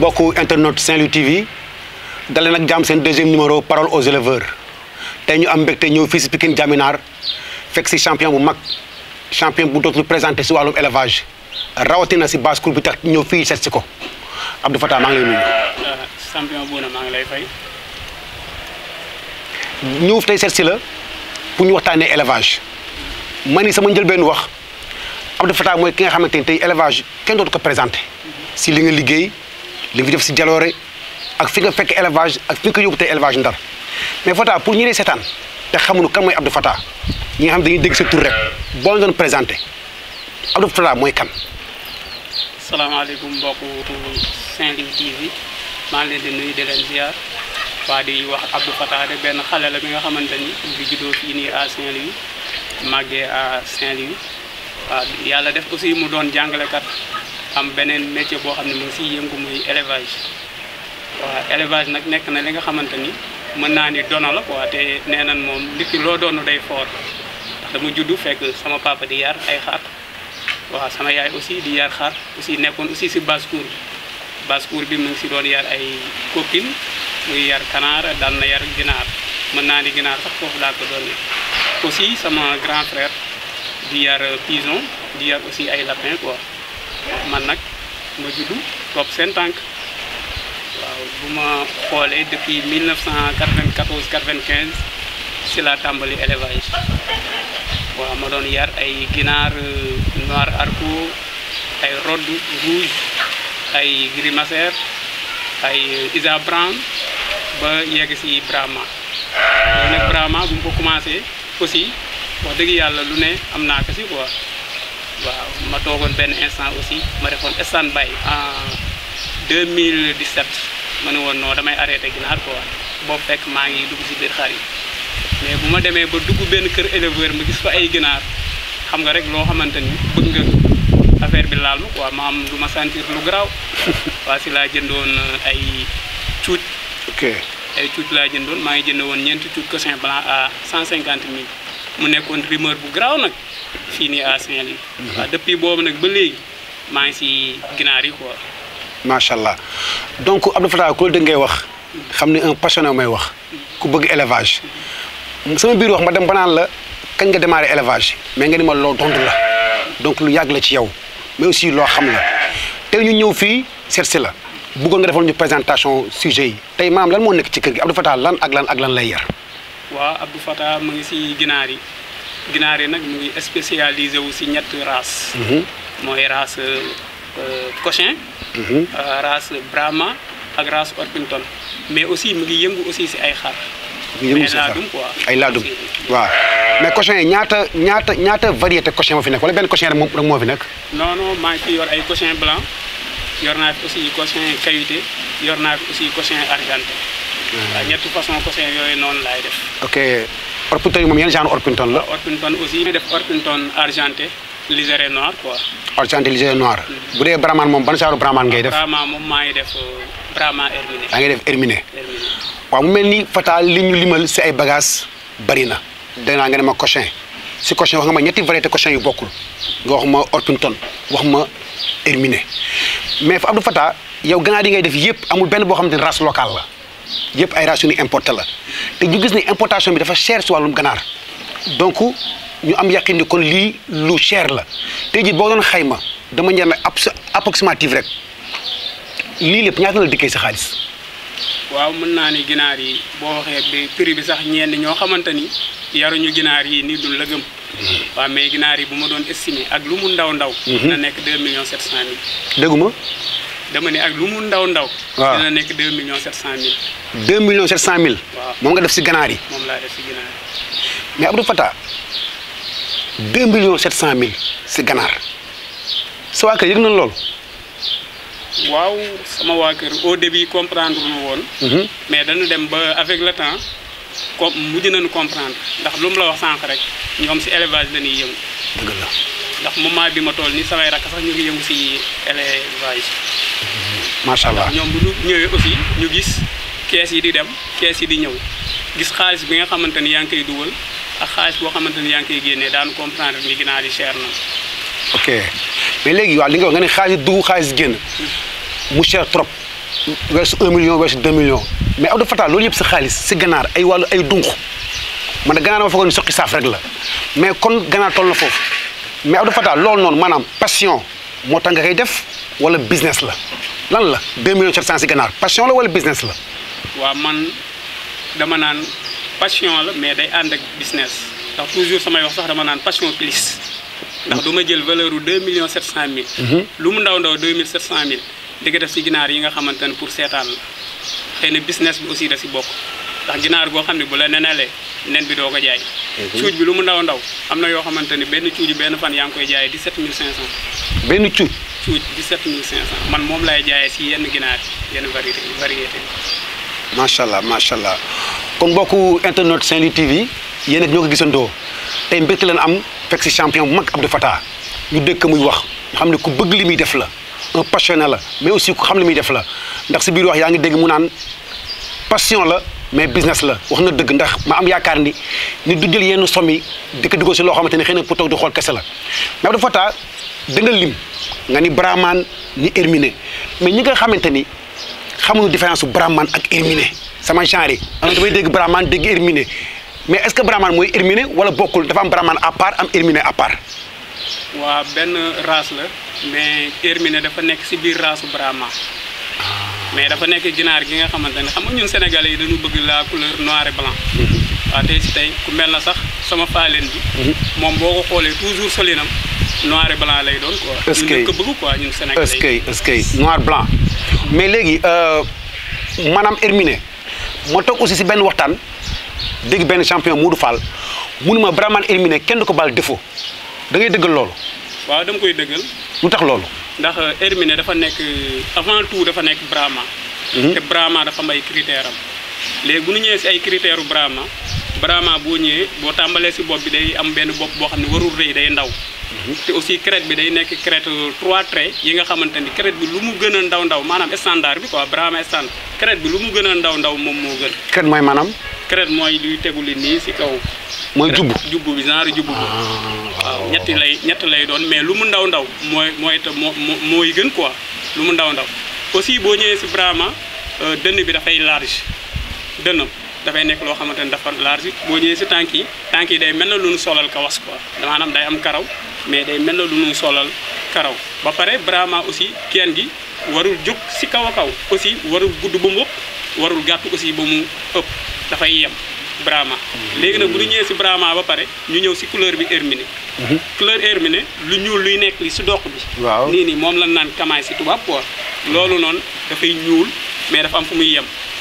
mbokku internet Saint Louis TV dalee nag jàmm deuxième numéro parole aux éleveurs tey ñu am fils ñëw fii si Pikine Jaminaar fekk si champion bu mag champion bu dootul présenté si wàllum élevage rawatina si base cour bi tax ñëw fii seet si ko Abdou Fatah maa ngi lay champion bu na maa ngi lay fay. ñëw tey seet si la pour ñu waxtaanee élevage ma ni sama njëlbeen wax Abdou Fatah mooy ki nga xamante ni élevage kenn dootu ko présenté si li nga li mu def si jaloore ak fi nga fekk élevage ak fi nga yóbbu tey élevage ndar mais Fata pour ñu lay seetaan te xamuñu kan mooy Abdou Fata ñi nga xam dañuy dégg sa tur rek boo ñu doon présenté Abdou Fata mooy kan. salaamaaleykum mbokku Saint-Louis TV maa ngi leen di nuyu di leen ziar waa di wax Abdou Fata de benn xale la bi nga xamante ni bi juddoo fii nii à Saint-Louis màggee à Saint-Louis waaw yàlla def aussi mu doon jàngalekat. am beneen métier boo xam ne mu ngi siy yëngu muy élevage waaw élevage nag nekk na li nga xamante ni mën naa ni dono la quoi te nee nan moom nit ki loo doonu day foor ndax dama juddu fekk sama papa di yar ay xar waaw sama yaay aussi di yar xar aussi nekkoon aussi si basse cour bi basse bi mu ngi si doon yar ay coquine muy yar kanaar daan na yar ginaar mën naa ni ginaar sax foofu laa ko doon aussi sama grand frère di yar pigeon di yar aussi ay lapin quoi man nag ma juddu topp seen tànk waaw bu ma xoolee depuis 1994 95 si la tàmbali élevage waaw ma doon yar ay ginaar euh, noir arco ay rod rouge ay grimacer ay euh, isa ba yegg si brahma loolu nag brahma bu mu ko commencé aussi wax dëgg yàlla lu ne am naa ko si quoi waaw ma toogoon benn instant aussi ma defoon stand by en 2017 ma ne woon non damay arrêté ginaar quoi boobu fekk maa ngi dugg si biir xar mais bu ma demee ba dugg benn kër éleveur ma gis fa ay ginaar xam nga rek loo xamante ni bëgg nga affaire bi laal ma quoi ma am lu ma sentir lu garaaw waa si laa jëndoon ay cuuc ok ay cuuc laa jëndoon maa ngi jënd woon ñeenti cuuc cochin blanc à 150 mille mu nekkoon rumeur bu garaaw nag fii nii à Saint-Louis. waaw depuis boobu nag ba léegi maa ngi si ginaar yi ko macha allah donc Abdou Fatah ku la dégg ngay wax xam ne un passionné may wax ku bëgg élevage sama biir wax ma dem ba naan la kañ nga démarré élevage mais nga ni ma loo tontu la donc lu yàgg la ci yow mais aussi loo xam na te ñu ñëw fii seet si la buggoon nga defal ñu présentation sujet yi tey maanaam lan moo nekk ci kër gi Abdou Fatah lan ak lan ak lan lay yar. waaw Abdou Fatah mu ngi si ginaar yi. ginaar yi nag ñu ngi spécialisé wu si ñetti race mhm. mooy race euh, cochin mhm. euh, race brahma ak race orpington mais aussi mu ngi yëngu aussi si ay xar ay laadum quoi ay laadum waaw mais cochon ñaata ñaata ñaata variété cochon moo fi nekk wala benn cochon rek moo fi nekk non non maa ngi fi yor ay cochon blanc yor naa fi aussi cochon kayité yor naa fi aussi cochon argenté ah. waaw ñetti façon cochon yooyu noonu laay def orpington yi moom yenn genre orpington la. orpington aussi ñu def orpington argenté liséré noir quoi. argenté liséré noir. bu dee brahman moom ban genre brahman ngay def. brahman moom maa ngi def euh, brahman herminé. ngi def herminé. waaw mu mel ni Fata li ñu limal si ay bagages bari na. dégg naa nga ne ma cochin si cochin wax nga ma ñetti variété cochin yu bokkul nga wax ma orpington wax ma herminé mais fa Abdou Fata yow ganaar yi ngay def yëpp amul benn boo xam ne race locale la. yëpp ay ration yi importé te gis ni importation bi dafa cher si wàllum ganaar donc ñu am yaqin ni kon lii lu cher la tey jii boo doon xayma dama njëriñ la rek lii lépp ñaata la dikkee sa xaalis. waaw mën naa ni ginaar yi boo waxee bi prix bi sax ñenn ñoo xamante ni yaruñu ginaar yi nii duñ la gëm. Mm-hmm. waaw mais ginaar yi bu ma doon estimé ak lu mu ndaw ndaw. Mm-hmm. na nekk deux millions sept dama ni ak lu mu ndaw ndaw. waaw dina nekk deux millions sept cent mille. deux millions sept cent moom nga def si ganaar yi. moom laa def si ganaar yi. mais Abdou Fata deux cent mille si ganaar sa waa kër yëg nañ waaw sama waa kër au début comprendre lu woon. Mhm. mais dañu dem ba avec le temps comme mujj nu comprendre ndax lu mu la wax sànq rek ñoom si élevage la ñuy yëngu. dëgg la ndax moment bi ma tool ni samay rakk sax ñu ngi yëngu si élevage. macha ñom bu ñëwé aussi ñu gis caisse yi di dem caisse yi di ñëw gis xaaliss bi nga xamante ni yaa ngi koy dugal ak xaaliss bo xamante ni yaa ngi koy génnee daan comprendre ni ginaar yi cher na. ok mais léegi waaw li nga wax nga ne xaaliss dugg xaalis génn mu cher trop weesu 1 million weesu 2 millions mais Abdou Fatah loolu yëpp si xaaliss si ganar ay walu ay dunq man de ganaar ma foogoon soqi saaf rek la mais kon ganar toll na fofu mais Abdou Fatah loolu noonu maanaam passion moo tax nga koy def. wala business la lan la 2 millions 700 si ganaar passion la wala business la. waaw man dama naan passion la mais day ànd ak business ndax toujours samay wax sax dama naan passion plus. ndax du ma jël valeur bu 2 millions 700 mille. Mhm. lu mu ndaw ndaw 2 millions 700 mille di ko def si ginaar yi nga xamante ne pour seetaan la xëy na business bi aussi da si bokk ndax ginaar goo xam ne bu la nenalee nen bi doo ko jaay. Mhm. cuuj bi lu mu ndaw ndaw am na yoo xamante ni benn cuuj benn fan yaa ngi koy jaayee 17 500. benn cuuj 17500 man mom lay jaayee si yenn ginaar yenn variété variété macha allah macha allah kon mbokku internet Saint Louis TV yéen ak ñoo ko gisandoo tey mbégte leen am fekk si champion bu mag Abdou Fatah ñu dégg muy wax ñu xam ne ku bëgg li muy def la un passionné la mais aussi ku xam li def la ndax si biir wax yaa dégg mu naan passion la mais business la wax na dëgg ndax ma am yaakaar ni ni du jël yenn somme yi di ko dugal si loo xamante ne xëy pour toog di xool kese mais Abdou Fatah da nga lim nga ni brahman ni herminé mais ñi nga xamante ni xamuñu différence su brahman ak herminé sama genre yi am damay dégg brahman dégg herminé mais est-ce que brahman mooy herminé wala bokkul dafa am brahman à part am herminé à part. waaw benn race la mais herminé dafa nekk si biir race su brahman mais dafa nekk jinaar gi nga xamante ne xam a ñun sénégalais yi dañu bëgg la couleur noir et blanc. Mhm. waaw tey si tey ku mel na sax sama faaleen bi. Mhm. moom boo ko xoolee toujours solinam. noir et blanc lay doon ko bëgg quoi ñun Sénégalais est-ce que est-ce mais léegi euh, maanaam Herminé moo toog aussi si benn waxtaan dégg benn champion Modou Fall mu ne ma Bramane kenn du ko baal défaut da ngay dëggal loolu. waaw dama koy dëggal. lu tax loolu. ndax euh, Herminé dafa nekk euh, avant tout dafa nekk Brahma. Mhm. te Brahma dafa am ay am. léegi bu ñu ñëwee si ay critères u Brahma boo ñëwee boo tàmbalee si bopp bi day am benn bopp boo xam ne warul rëy day ndaw. te aussi crête bi day nekk crête trois traits yi nga xamante ni crête bi lu mu gën a ndaw ndaw maanaam standard bi quoi Brahma standard crête bi lu mu gën a ndaw ndaw moom moo gën. crête mooy maanaam. crête mooy luy tegu li nii si kaw. mooy jubbu jubbu bi genre jubbu bi. Ah. ñetti lay ñetti lay doon mais lu mu ndaw ndaw mooy mooy te moo mooy gën quoi lu mu ndaw ndaw aussi boo ñëwee si Brahma euh, dënn bi dafay large dënn dafay nekk loo xamante ni dafa large boo ñëwee si tànk yi tànk yi day mel na lu ñu solal kawas quoi maanaam day am karaw mais day mel na lu ñu solal karaw ba pare brama aussi kenn gi warul jóg si kaw a kaw aussi warul gudd ba mu warul gàtt aussi ba mu ëpp dafay yem brama léegi nag bu ñu ñëwee si brama ba pare ñu ñëw si couleur bi herminé mhm. couleur herminé lu ñuul luy nekk li si doq bi waaw nii nii moom lañ naan kamaay si tubaab quoi loolu noonu dafay ñuul mais dafa am fu muy yem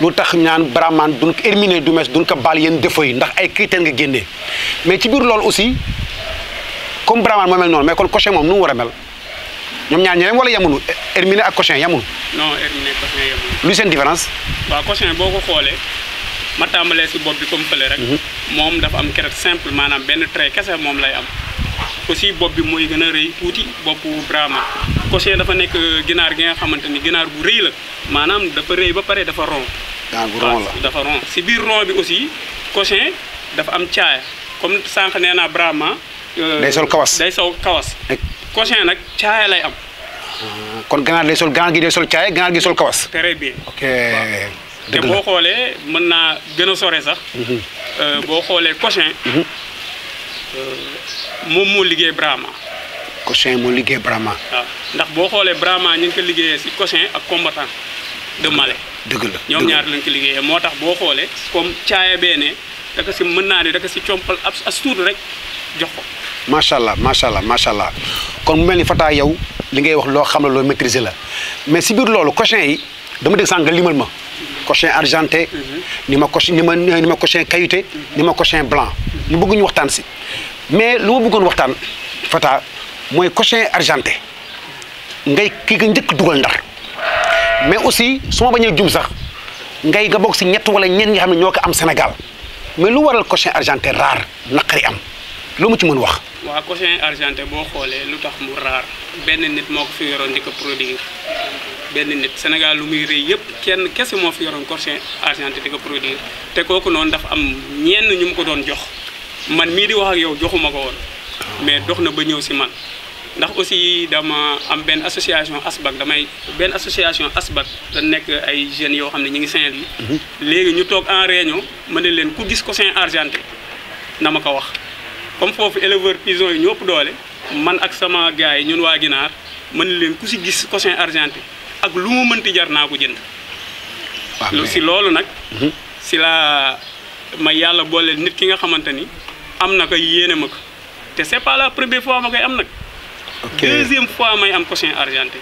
lu tax ñaan brahman duñ ko éliminer du mes duñ ko bal yeen défaut yi ndax ay critère nga génnee mais ci biir lool aussi comme brahman mo mel non mais kon cochon mom nu wara mel ñom ñaan ñeneen wala yamunu éliminer ak cochon yamunu non éliminer cochon yamunu lu seen différence waaw cochon boko xolé ma tambalé ci bop bi comme fële rek mom mhm. dafa am keret simple manam ben trait kessé mom lay am aussi bop bi moy gëna reuy rëy bop brahman cochon dafa nek ginar gi nga xamanteni ginar bu reuy la manam dafa reuy ba pare dafa rond daa la dafa rond si biir rond bi aussi cochin dafa am caaya comme sànq nee naa brahma. Euh, day sol kawas day sol kawas. cochin nag caaya lay am. Ah, kon ganaar day sol ganaar gi sol caaya ganaar gi sol kawas. très bien ok. te boo xoolee mën naa gën a sore sax. Mhm. Euh, boo xoolee cochin. Mhm. Euh, moom moo liggéey brahma. cochin moo liggéey brahma. ndax boo xoolee brahma ñu ngi ko liggéeyee si cochin ak combattant de Malais. dëgg la ñoom ñaar lañ ko liggéeyee moo tax boo xoolee comme caaya bee ne si mën naa ne daka si compal ab as tuuti rek jox ko. macha allah macha allah macha allah kon mu mel ni Fata yow li ngay wax loo xam la loo maîtriser la mais si biir loolu cochon yi dama dégg sànq nga limal ma. cochon argenté. Mhm. ni ma cochon ni ma ni ma cochon kayité. ni ma cochon blanc. ñu bëgg waxtaan si mais lu ma bëggoon waxtaan Fata mooy cochin argenté ngay kii nga njëkk dugal ndar. mais aussi su ma bañee jum sax ngay nga bokk si ñett wala ñeent ñi xam ne ñoo ko am Sénégal mais lu waral cochin argenté rare naqari am lu mu ci mën wax. waaw cochin argenté boo xoolee lu tax mu rare benn nit moo ko fi yoroon di ko produire benn nit Sénégal lu muy rëy yëpp kenn kese moo fi yoroon cochin argenté di ko produire te kooku noonu dafa am ñenn ñu mu ko doon jox man mii di wax yow joxuma ko woon mais dox na ba ñëw si man. ndax aussi dama am benn association ASBAC damay benn association ASBAC da nekk ay jeunes yoo xam ne ñu ngi Saint-Louis. Mhm. léegi ñu toog en réunion ma ne leen ku gis cochin argenté na ma ko wax. comme foofu éleveur pigeon yi ñëpp doole man ak sama gars yi ñun waa ginaar mën ne leen ku si gis cochin argenté ak lu mu mënti jar naa ko jënd. lu si loolu nag. Mhm. si la ma yàlla boole nit ki nga xamante ni am na ko yéene ma ko te c'est la première fois ma koy am nag. deuxième fois may am coussin argenté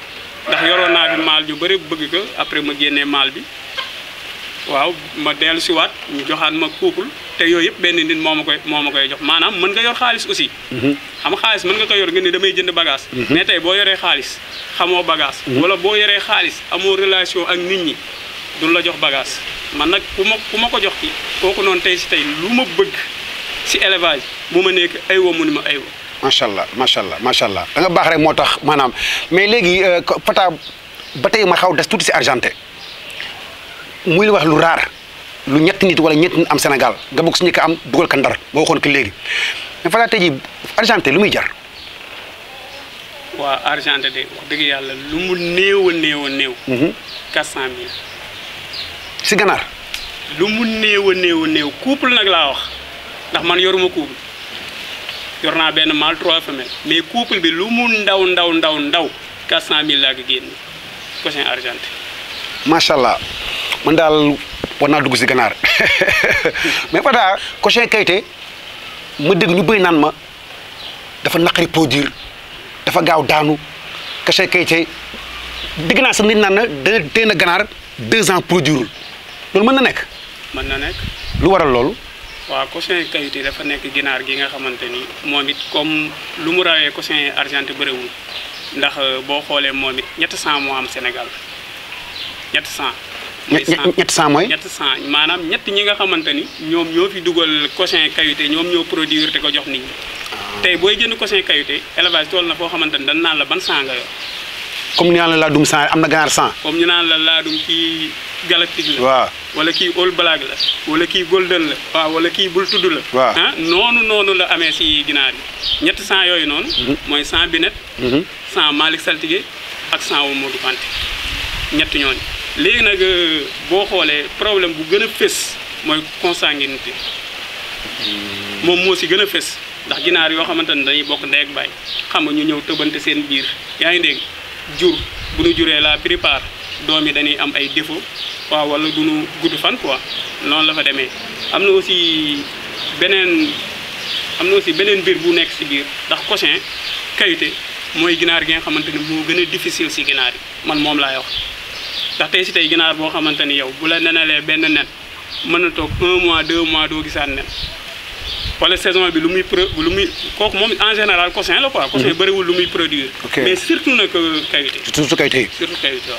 ndax yorona bi mal ju yu bëri bëgg ko après ma génnee mal bi waaw ma ci wat ñu joxaat ma couple te yoy yëpp benn nit moma koy moma koy jox manam mën nga yor xaalis aussi mhm. xam xaalis mën nga koy yor nga ni damay jënd bagage mhm. mais tay bo yoré xaalis xamo bagage mhm. wala bo yoré xaalis amo relation ak nit ñi du la jox bagage man nak kuma kuma ko jox ki kooku non tay si tay luma bëgg ci élevage buma nek ay wo mu ay wo macha allah macha allah macha motor mana? nga peta, rek moo tax maanaam mais léegi euh, fata ma xaw argenté muy wax lu lunyak lu ñetti nit am sénégal Gabuk bëgg suñu am bukan ka ndar ma waxoon ko léegi mais argenté lu muy jar argenté de wax dëgg yàlla lu mu néew a néew a mhm. si ganar, lu mu néew a Kupul couple nag laa wax yor naa benn mâle trois mais couple bi lu mu ndaw ndaw ndaw ndaw quatre cent mille laa ko génn Cochin Argenté. macha allah man daal war naa dugg si ganaar mais Fada Cochin Kayte ma dégg ñu bëri naan ma dafa naqari produir dafa gaaw daanu Cochin Kayte dégg naa sax nit naan na dana teel a ganaar deux ans produire loolu mën na nekk. mën na nekk. lu waral loolu. waaw coussin kayit yi dafa nekk ginaar gi nga xamante ni moom it comme lu mu rawee coussin argenté bëriwul ndax euh, boo xoolee moom it ñetti cent moo am Sénégal ñetti cent. ñetti cent mooy ñett cent maanaam ñett ñi nga xamante ni ñoom ñoo fi dugal coussin kayité ñoom ñoo produire te ko jox nit ñi. Ah. tey booy jënd coussin kayité élevage tool na foo xamante ni dañ naan la ban sang nga yor. comme ñu naan la laadum sang am na ganaar sang. comme ñu naan la laadum ci galactique la waa wala kii all black la wala kii golden la waaw wala kii bul tudd la ah noonu noonu la amee si ginaar yi ñetti sang yooyu noonu mhm. mooy sang binet sang Malick Saltigué ak sang wu Modou Fante ñett ñooñu léegi nag euh, boo xoolee problème bu gën a fés mooy consanguinité mhm. moom moo si gën a fés ndax ginaar yoo xamante ne dañuy bokk ndey ak baay xam nga ñu ñëw tëbante seen biir yaa ngi dégg jur bu ñu juree la prépare doom yi dañuy am ay défaut waaw wala duñu gudd fan quoi noonu la fa demee am na aussi beneen am na aussi beneen mbir bu nekk si biir ndax cochin kayite mooy ginaar gi nga xamante ni moo gën a difficile si ginaar yi man moom laay wax ndax tey si tey ginaar boo xamante ni yow bu la nenalee benn nen mën na toog un mois deux mois doo gisaan nen wala saison bi lu muy lu muy kooku moom en général coussin la quoi. coussin mhm. bëriwul lu muy produire. mais surtout nag euh, qualité. surtout qualité surtout qualité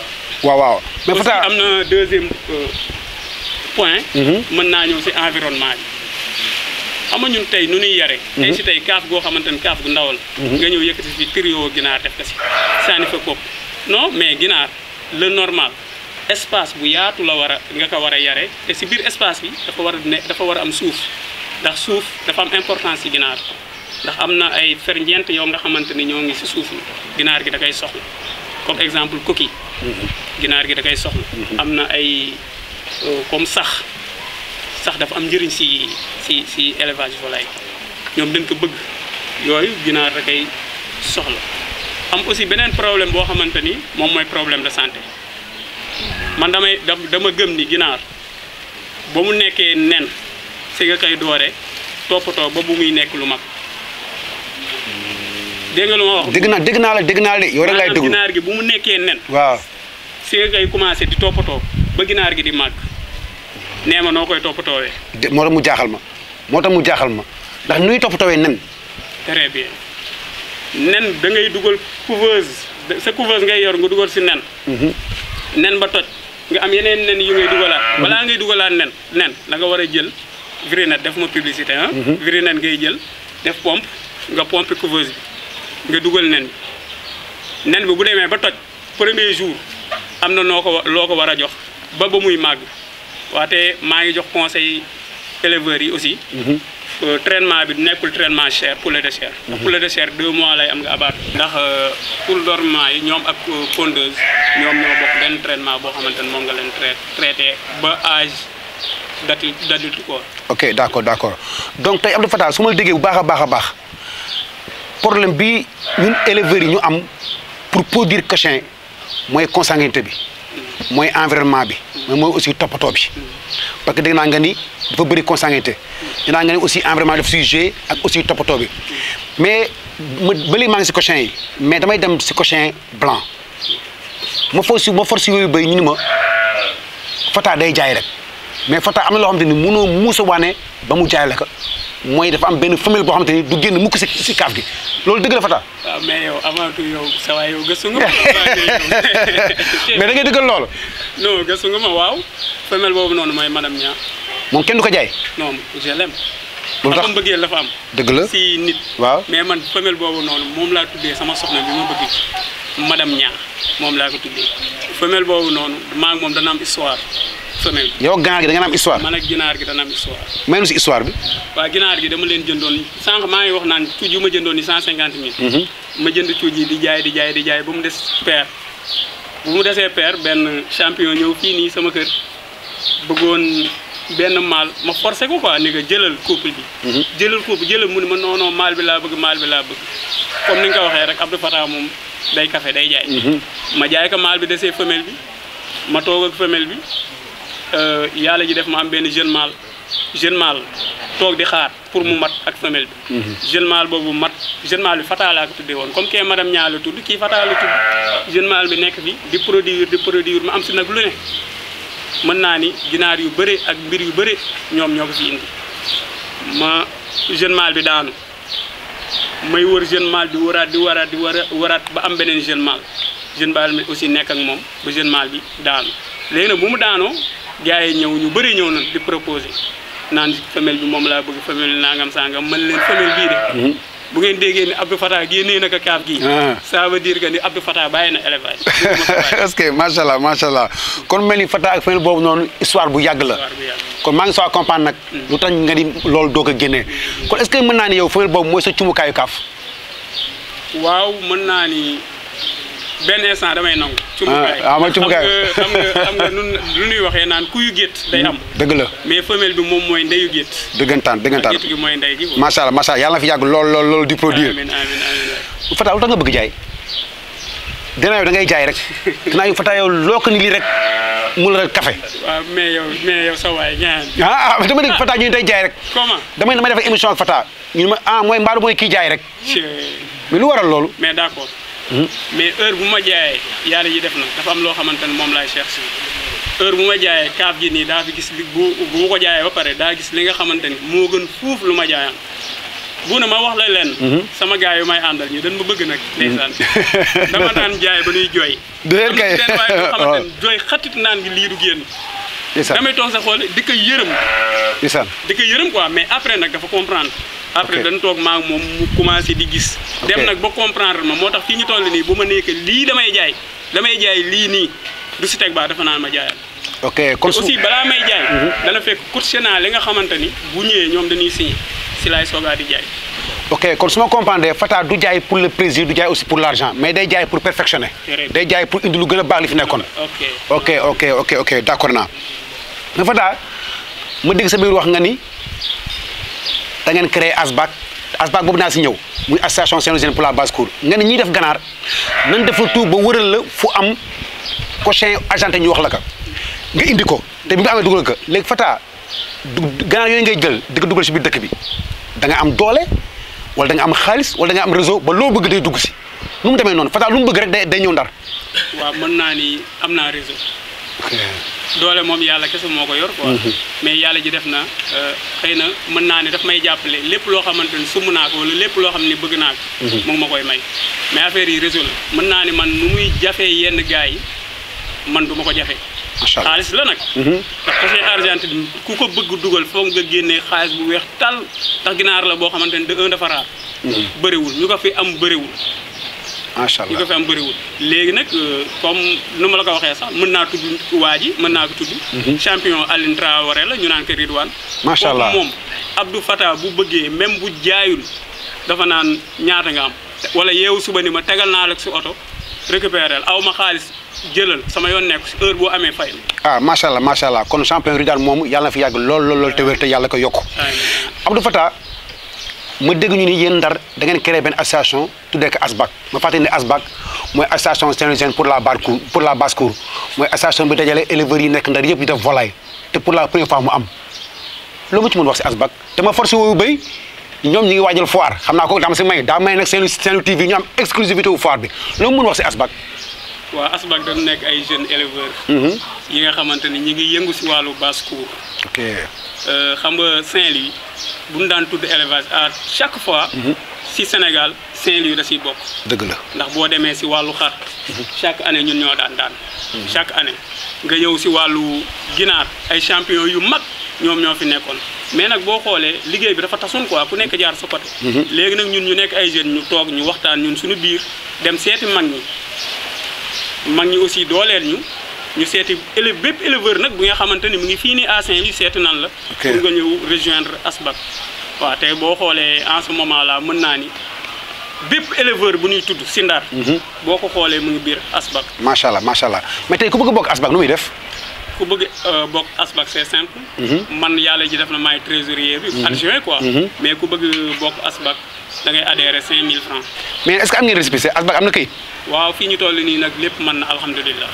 waaw. waaw waaw mais Fata am na deuxième euh, point. Mhm. mën naa ñëw si environnement bi. xam ñun tey nu ñuy yare mhm. tey si tey kaaf goo xamante ni kaaf gu ndaw la. nga ñëw yëkkati fi trio ginaar def ko si sànni fa kopp non mais ginaar le normal espace bu yaatu la war a nga ko war a yare te si biir espace bi dafa war a dafa war a am suuf. ndax suuf dafa am importance ci ginaar ndax am na ay ferñeent yoo nga xamante ni ñoo ngi si suuf ginaar gi da koy soxla comme exemple cookie mhm. ginaar gi da koy soxla mhm. am na ay euh, comme sax sax dafa am njëriñ si si si élevage volaille ñoom dañ ko bëgg yooyu ginaar da koy soxla am aussi beneen problème boo xamante ni moom mooy problème de santé man damay dama gëm ni ginaar ba mu nekkee nen si nga kay doore topoto ba bu muy nek lu mak dégg nga lu wax. dégg na dégg na la dégg na la yow rek lay déglu ginar gi bu mu nekké nen. waaw si nga kay commencé di toppatoo ba ginar gi di mak. néma nokoy noo koy toppatoowee. dé moo tax mu jaxal ma mo tax mu jaxal ma ndax nuy wé nen. très bien nen da ngay dugal couveuse sa couveuse ngay yor nga dugal si nen. Mhm. nen ba toj nga am yeneen nen yu ngay dugalaat. Mhm. bala ngay dugalaat nen nen la nga wara jël. Virinet def ma publicité ah. Mhm. Virinet ngay jël def pompe nga pompe couveuse bi nga dugal nen nen bi bu demee ba toj premier jour am na noo ko loo ko war a jox ba ba muy màgg waate maa ngi jox conseil éleveurs yi aussi. Mhm. Euh, traitement bi nekkul traitement chair poulet de chair. ndax mhm. poulet de chair deux mois lay am nga abaat. ndax euh, poule dormant yi ñoom ak euh, pondeuse ñoom ñoo bokk benn traitement boo xamante ne moom nga leen traité ba âge. datil quoi. ok d'accord d'accord donc tay Abdou Fatah su ma bu baax a baax problème bi ñun éleveurs yi ñu am pour produire cochin moy consanguinité bi moy environnement bi. mais mooy aussi topato bi. parce que dégg naa nga ni dafa bëri consanguinité. dina nga ni aussi environnement def sujet ak aussi topato bi mais ma bële maa ngi si cochin yi mais damay dem ci cochin blanc ma force ma force yooyu béy ñu ni ma fata day jaay rek. mais fata am na loo xamante ni mënoo muusa waane ba mu jaay la ko mooy dafa am benn famille boo xamante ni du génn mukk si si kaaf loolu dëgg la fata mais yow avant tout yow sa waay nga ma mais da ngay waaw famille boobu noonu mooy madame ñaa moom kenn ko jaay non je l'aime loolu am dëgg la si nit waaw mais man famille boobu noonu moom laa tuddee sama soxna bi ma bëgg madame ñaa moom laa ko tuddee famille boobu noonu maa ngi moom dana am histoire personnel. yow ginaar gi da ngeen am histoire. man ak gi dana nu si histoire bi. waaw ginaar gi dama leen jëndoon sànq maa ngi wax naan cuuj yu ma jëndoon ni cent cinquante mille. Mhm. ma jënd cuuj yi di jaay di jaay di jaay ba mu des paire bu mu desee per benn champion ñëw fii nii sama kër bëggoon. benn maal ma forcé ko quoi ni nga jëlal couple bi. Mhm. jëlal couple jëlal mu ne ma non non maal bi laa bëgg maal bi laa bëgg comme ni nga ko waxee rek Abdou Fatah moom day kafe day jaay. Mhm. ma jaay ko maal bi desee femelle bi ma toog ak bi Euh, yalla ji def ma am benn jeune mâle jeune mâle toog di xaar pour mu mat ak femelle bi. Mhm. jeune mâle boobu mat jeune mâle bi Fata woon comme kee madame ñaa la tudd kii Fata la jeune mâle bi nekk fi di produire di produire ma am si nag lu ne mën naa ni ginaar yu bëre ak mbir yu bëre ñoom ñoo ko fi indi ma jeune mâle bi daanu may wër jeune mâle di waraat di waraat di war ba am beneen jeune mâle jeune mâle bi aussi nekk ak moom ba jeune mâle bi daanu léegi nag bu mu daanoo. gars yi ñëw ñu bëri ñëw nañ di proposé naan femelle bi moom laa bëgg femelle nangam sangam mën leen femelle bii de. Hmm. bu ngeen déggee ni Abdou Fatah génnee na ko kaaf gi. Ah. ça veut dire que ni na élevage. est-ce que macha allah macha kon mel ni Fatah ak femelle boobu noonu histoire bu yàgg la. kon maa ngi soo comprendre nag. Hmm. lu tax nga di loolu doo ko génnee. kon est-ce que mën naa ni yow femelle boobu mooy sa cumukaayu kaaf. waaw mën naa ni. ben instant damay nangu. Ah, ah, cumbukaay ah ma cumbukaay xam nga xam nga nun lu ñuy waxee kuyu gétt day am. Mm, dëgg la mais femelle bi moom mooy ndeyu ah, gi ndey gi. allah allah fi di produire. amiin amiin lu nga bëgg jaay. dinaa yow da ngay jaay rek dinaa yow yow ni ah ah dama dégg Fata ñu day jaay rek. comment damay def ah jaay rek. Hmm? mais heure bu ma jaayee yaara ji def na dafa am loo xamante ne moom laay cheikh si heure bu ma jaayee kaaf gi nii daa fi gis li bu bu ko jaayee ba pare daa gis li nga xamante ni moo gën fuuf lu ma jaayaan bu ne ma wax la leen hmm? sama gaay yu may àndal ñu dañ ma bëgg nag hmm. ndeysaan dama daan jaay ba nuy jooy deen kay waaye loo xamante jooy xatit naan ngi lii du génn damay toog sa xool di ko yërëm di ko yërëm quoi mais après nag dafa comprendre après dañ tok ma mom mu commencé di gis dem nak ba comprendre ma motax tax ñu toll nii bu nekk damay jaay damay jaay li ni du si tek ba dafa naan ma jaay ok comme aussi bala may jaay la mhm. fekk courtiana li nga xamanteni bu ñewé ñom dañuy signé ci lay soga di jaay ok comme suma comprendre fata du jaay pour le plaisir du jaay aussi pour l'argent mais day jaay pour perfectionner day jaay pour indi lu gëna a baax li fi nekkon ok ok ok ok d'accord na mais fata ma dégg sa biir wax nga ni da ngeen créé ASBAC ASBAC boobu naa si ñëw muy association saint pour la basse cour nga ne ñiy def ganaar def dafa tuub ba wëral la fu am agent argentin ñu wax la ka nga indi ko te bi nga amee dugal ko léegi fata ganaar yooyu ngay jël di ko si biir dëkk bi da am doole wala da am xaalis wala da am réseau ba loo bëgg day dugg si nu mu demee noonu fata lu mu bëgg rek day day ñëw ndar. mën naa ni am naa réseau. doole moom yàlla kese moo ko yor mhm. mais yàlla ji def na euh, xëy na mën naa ne daf may jàppale lépp loo xamante ni summ naa ko lépp loo xam ni bëgg naa ko mu ngi ma koy may mais affaire yi réseau la mën naa ne man nu muy jafe yenn gars yi man duma ko jafe xaalis la nag mhm. ndax cachet argentine ku ko bëgg dugal foog nga génnee xaalis bu weex tal tax ginaar la boo xamante ni de un dafa ñu mhm. ko fi am bëriwul macha allah ñu ko fi am léegi nag euh, comme nu la ko waxee sax mën naa tudd waa ji mën naa tudd. Mhm. champion Aline Traoré la ñu naan ko Ridwan. macha allah moom Abdou Fata bu bëggee même bu jaayul dafa naan ñaata nga am. wala yeewu suba ni ma tegal naa la si oto aw ma xaalis jëlal sama yoon nekk si heure boo amee fay. ah macha allah kon champion Ridwan moom yàlla na fi yàgg lool lool lool te wér te yàlla ko yokk. Abdou Fata. ma dégg ñu ni yéen ndar da ngeen créé benn association tuddee ko ASBAC mooy association saint pour la barcour pour la basse cour mooy association bi dajale éleveurs yi nekk ndar yëpp di def volaille te pour la première fois mu am loolu mu ci mën wax si ASBAC te ma forcé woowu béy ñoom ñu ngi waajal foire xam naa ko daa ma si may daa may nag Saint-Louis Saint-Louis TV ñu am exclusivité wu foire bi loolu mën wax si ASBAC waaw ASBAC dañ nekk ay jeunes éleveurs. Mhm. yi nga xamante ni ñu ngi yëngu si wàllu basse cour. Euh, xam nga saint bu ñu daan tudd élevage à chaque fois. Mhm. si Sénégal Saint-Louis da siy bokk. dëgg la ndax bo démé ci walu xar. Mhm. chaque année ñun ñoo daan daan. Mhm. chaque année nga ñëw ci walu ginaar ay champion yu mag ñom ñoo fi nekkoon mais nak bo xolé liguey bi dafa tasoon quoi ku nekk jaar sa côté. léegi nag ñun ñu nekk ay jeunes ñu tok ñu waxtaan ñun suñu biir dem séti mag ñi mag ñi aussi dooleel ñu ñu séti élève bép éleveur nak bu nga xamanteni ni mu ngi fii nii à Saint-Louis seeti nan la. pour nga ñeu rejoindre ASBAC. wa tay bo xolé en ce moment là mën naa ni bépp éleveur bu ñuy tudd si Ndar. Mhm. boo ko xoolee mu ngi bir ASBAC. machallah machallah mais tay ku bëgg bok bokk nu muy def. ku bëgg euh, bok ASBAC c'est simple. Mhm. man yàlla ji def na may trésorier bi. Mhm. adjoint quoi. mais ku bëgg bok ASBAC da ngay adhéré 5000 francs mais est-ce que am ngeen récépissé ASBAC am na kayit. waaw fii ñu toll ni nak lépp mën na alhamdulilah.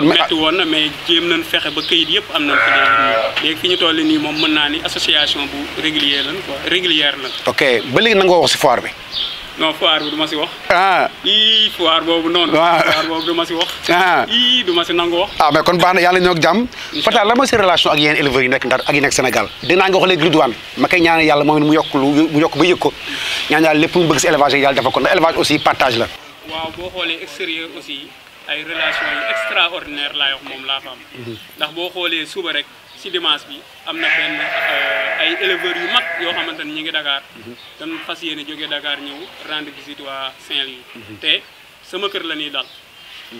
metti woon na mais jéem nañ fexe ba kayit yëpp am nañ ah. fi ñu toll nii moom mën naa ni association bu régulier quoi régulière ok ba wax bi non bi wax ah i foire boobu noonu ah. foire wax ah i du ma wax ah mais kon baax na yàlla jam. Fata la ma si relation ak yéen éleveurs yi nekk Ndar ak yi nekk Sénégal dinaa nga wax léegi Ridwaan ma koy ñaanal yàlla moom mu yokk lu mu ba yëg ko ñaan mu bëgg élevage dafa ko élevage aussi partage la waaw extérieur aussi ay relation yu extraordinaire laay wax moom laa fa ndax boo xoolee suba rek ci dimanche bi am na benn euh, ay éleveurs yu mag yoo xamante ne ñu ngi Dakar dañ fas yéene jógee Dakar ñëw rendre visite waa Saint-Louis mhm. te sama kër la ñuy dal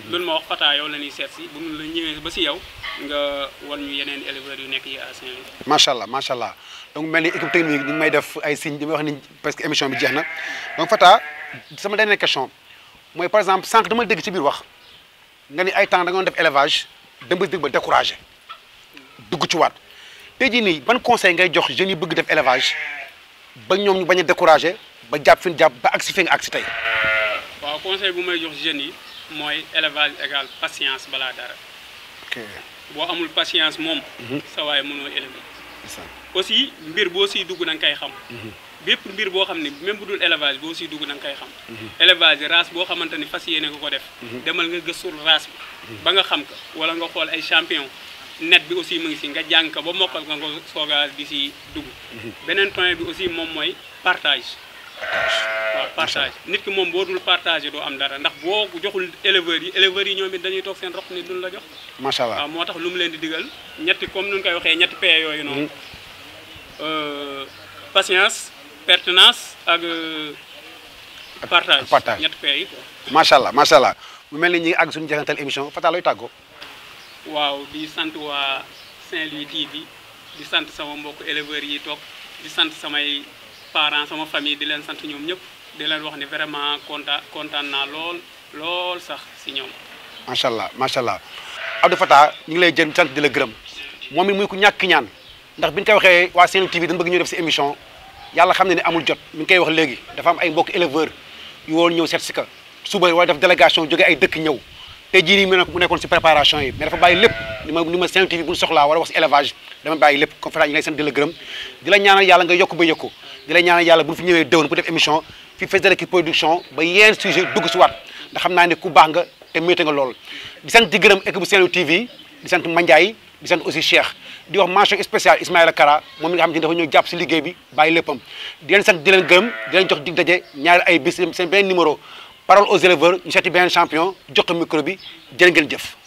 loolu ma wax Fata yow la ñuy seet si bu ñu la ñëwee ba si yow nga wan ñu yeneen éleveurs yu nekk yi à Saint-Louis macha allah macha allah donc mel ni équipe technique ñu ngi may def ay signes di may wax ni presque émission bi jeex na donc Fata sama dernière question mooy par exemple sànq dama dégg ci biir wax nga ni ay temps da nga def élevage dëmb dëgg ba découragé dugg ci waat tey jii nii ban conseil ngay jox jeunes yi bëgg def élevage ba ñoom ñu bañ a ba jàpp fi jàpp ba agsi fi nga agsi tey. waaw conseil bu may jox jeunes yi mooy élevage égal patience balaa dara. boo amul patience moom. Mhm. sa waay mënoo aussi mbir boo siy dugg da nga xam. Mhm. bépp mbir bo xamni même bu dul élevage bo siy dugg nang kay xam élevage race bo xamanteni fas ko ko def mhm. demal nga geussul race bi mhm. ba nga xam ko wala nga xol ay champion net bi aussi mu ngi si nga jàng ko ba mokal nga ko sooga di si dugg mhm. benen point bi aussi mom moy partage partage nit ki mom bo dul partager do am dara ndax boo joxul éleveur yi éleveur yi ñoomi dañuy tok seen rox ni dul la jox macha allah motax lu mu leen di diggal ñetti comme nu koy waxe ñetti yoyu non euh patience pertinence eh, ak partage partage allah allah mu mel ni ak suñu jeexantal émission Fata Wow, waaw di sante wa Saint-Louis TV di sante sama mbokk éleveurs yi tok di sante samay parents sama famille di len sante ñom ñep di len wax ni vraiment content content na lool lool sax si ñom machallah allah allah Abdou Fata ñi ngi lay jëm sante di la gërëm momi muy ku ñak ñaan ndax biñ ko waxé wa Saint-Louis TV dañ bëgg ñu def ci émission. yàlla xam ne ni amul jot mi ngi koy wax léegi dafa am ay mbokk éleveur yu woon ñëw seet si ka suba war def délégation jóge ay dëkk ñëw te jii nii mu nekkoon si préparation yi mais dafa bàyyi lépp ni ma ni ma TV bu ñu soxlaa wala wax si élevage dama bàyyi lépp comme fara ñu lay sant di gërëm di la ñaanal yàlla nga yokk ba yokku di la ñaanal yàlla bu fi ñëwee déwén bu def émission fi Fes de l'équipe production ba yeen sujet dugg si waat ndax xam naa ne ku baax nga te méyte nga lool di di gërëm équipe bu Sen sant Mandiaye di sant aussi Cheikh di wax mention spéciale Ismaïla Kara moom mi nga xam ne dafa ñëw jàpp si liggéey bi bàyyi léppam di leen sant di leen gërëm di leen jox dig daje ñaari ay bis seen beneen numéro parole aux éleveurs ñu seeti beneen champion jox ko micro bi jërë ngeen jëf